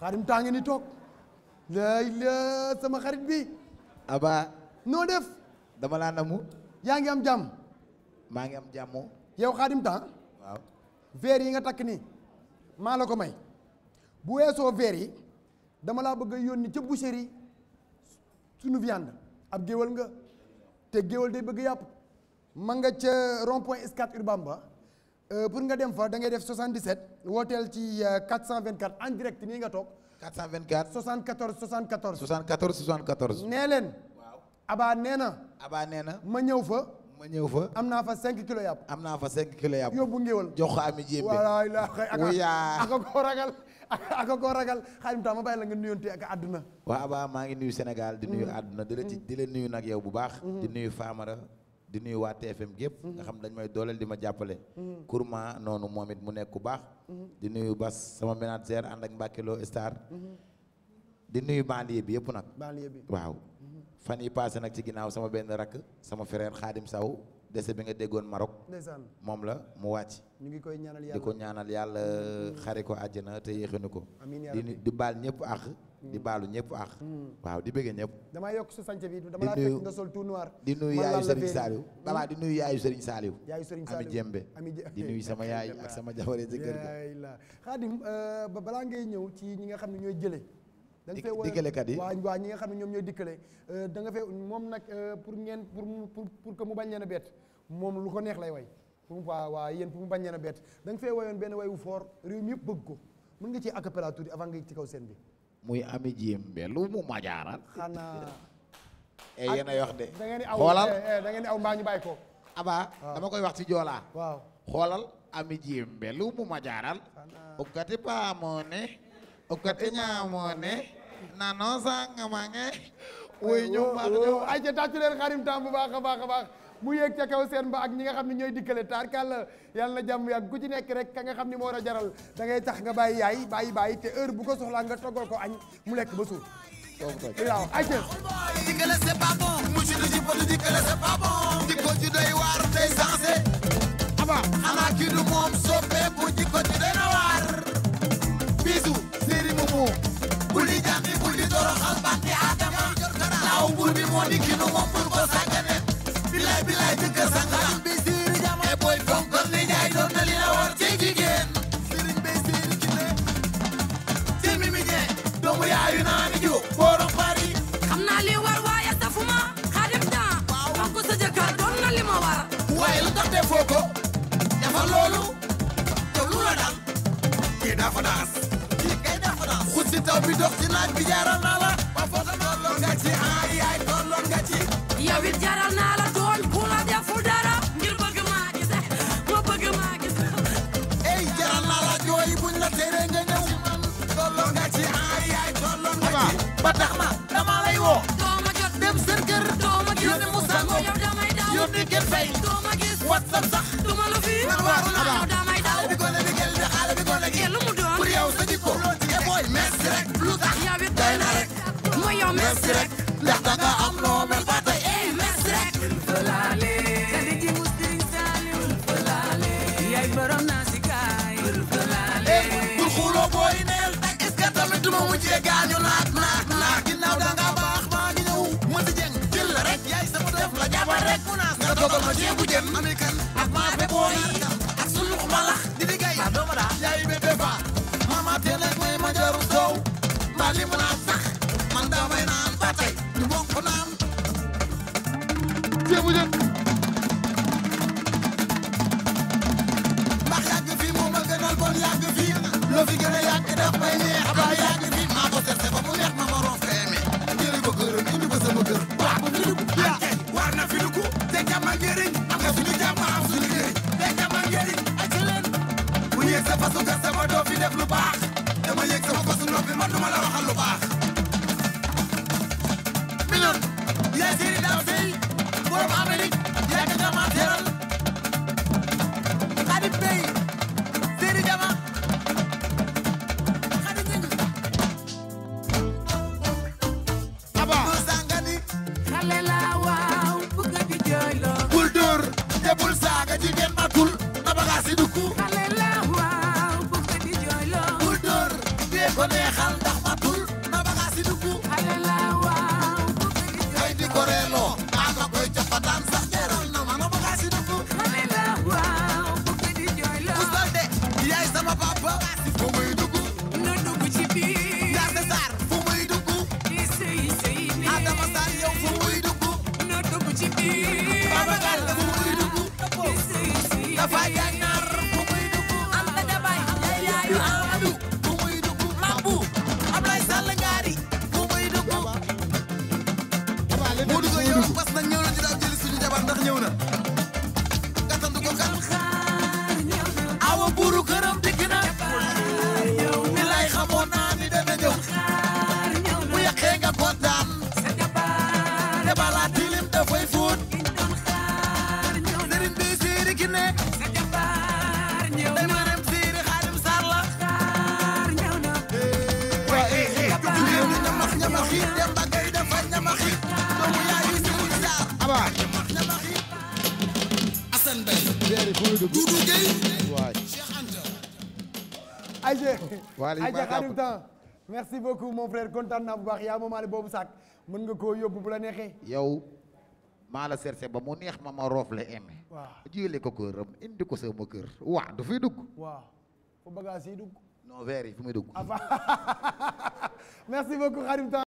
xaadim taa ngi ni toog laay la sama xarit bi aba noo def dama laa namu yaa ngi am jàmm maa ngi am jàmmo yow xaadim taa waaw yi nga takk ni maa la ko may bu weesoo verre yi dama laa bëgg a yónni ca boucherie sunu viande ab géwal nga te géwal day bëgg yàpp ma nga ca rond point Scat Urbam ba Euh, pour nga dem fa da ngay def 77 wooteel ci 424 euh, en direct nii nga toog. 424 74 74. 74 74. nee leen. waaw abaa nee na. abaa nee na. ma ñëw fa. ma ñëw fa. am naa fa 5 kilos yàpp. am naa fa 5 kilos yàpp. yóbbu ngéwal jox ko ami jéem ak ko ragal ragal xaalim tax ma bàyyi la nga nuyoonte ak àdduna. waaw abaa maa ngi nuyu Sénégal di nuyu mm. àdduna di la di leen nuyu nag yow bu baax. Mm-hmm. di nuyu Famara. di nuyu waa TFM gépp nga mhm. xam dañ may dooleel di ma jàppale mhm. Kourma noonu moom it mu nekk ku baax mhm. di nuyu Bas sama manager ànd ak Mbackeloo Star di nuyu banlieue bi yëpp nag banlieue bi waaw fan yi passé nag ci ginnaaw sama benn rakk sama frère Khadim Sow dese bi nga déggoon Maroc. moom la mu wàcc. ñu ngi koy ñaanal yàlla di ko ñaanal yàlla mm-hmm. xare ko àjjana te yéexinu ko. di di baal ñëpp àq. di baalu ñëpp àq. Mm. Mm. waaw di bëggee ñëpp. damaa yokk sa sànce bi dama laa fekk nga sol tout mm. di nuyu yaayu Serigne Saliou. balaa di nuyu yaayu Serigne Saliou. yaayu Serigne Saliou ami Jembe. ami Jembe di nuyu sama yaay sama jabare ci kër ga. Xaadim euh, ba balaa ngay ñëw ci ñi nga xam ne ñooy jëlee. da nga fee wala dikkalekat yi waaw waaw ñi nga xam ne ñoom ñooy dikkale euh, da nga fee moom nag euh, pour ngeen pour pour pour que mu bañ leen a bett moom lu ko neex lay way pour mu waa waa mu bañ a bett da nga fee wayoon benn wayu fort réew mi bëgg ko mën nga ci acapella tuuti avant nga ci kaw seen bi. muy ami jéem be lu mu majaaral. xanaa. ak eh, yéen a wax de. da ngeen aw xoolal eh, eh, da ko. abaa dama koy wax ci joolaa. waaw xoolal ami jéem be lu mu majaaral. xanaa ukkati paa moo ne. ukkati nge. wuy ñu mbaax ñu ayca tàccu leen xarim tam bu baax a baax a baax. mu yéeg ca kaw seen ba ak ñi nga xam ne ñooy dikkale taar kàlla yàlla na jàmm yàgg ku ci nekk rek ka nga xam ni moo la jaral da ngay tax nga bàyyi yaay bàyyi bàyyi te heure bu ko soxlaa nga toggal ko añ mu lekk ba suur waaw acca dikkale c'est pas bon monsieur le jippo dikkale c'est pas bon jikko ji aba xanaa kii du moom soppee bu jikko daa fa daas kii kay daa fa daas xusi taw bi dox ci naaj bi jaral naa la ba foota tolloon nga ci ay ay tolloon nga ci yow it jaral naa la doon bu la deful dara ngir bëgg maa gis ma bëgg maa gis ey jaral naa la jooy buñ la tere nga ñëw tolloon nga ci ay ay tolloon nga ci ba tax na dama lay woo dooma jot dem seen kër dooma gis ne Moussa Ngom yow damay daw yónni kenn fay dooma gis WhatsApp sax yow sa jikko e booy merci rek lu tax yow it doy na yow merci ndax da nga am noo mel ba tey eh merci rek fëlaale sa di ji Sëriñ Saaliw fëlaale yaay borom naa si eh, neel ak est-ce tamit du ma mujjee gaañu naak naak naak ginnaaw da nga baax maa ngi ñëw ma si jeng rek yaay sama def rek nga dogal ma ceebu jën ami kan ak Fanta li mu naan sax man damay naan ba bokk naan. jéem a dama la waxal lu baax minute yaa siri daa sey borom Amérique yaa ka jama teral Tafa Diagne naar bu muy dugg Anta Dabay yaayu Amadou bu muy dugg Mabou Ablaye Sall Ngari bu muy dugg mu dugg yow pas na ñëw na di daal jëli suñu jabar ndax ñëw na Assane Mbaye Doudou Gueye Cheikh Anta Aïe Aïe Khadim Temps merci beaucoup mon frère kontaan naa bu baax yaa moomaale boobu sàkk mën nga koo yóbbu bu la neexee yow maa la serse ba mu neex ma ma roof la eme waaw jële ko këram indi ko sama kër waa du fiy dugg waaw fu bagage yi dugg non verre yi fu muy dugg merci beaucoup Khadim Temps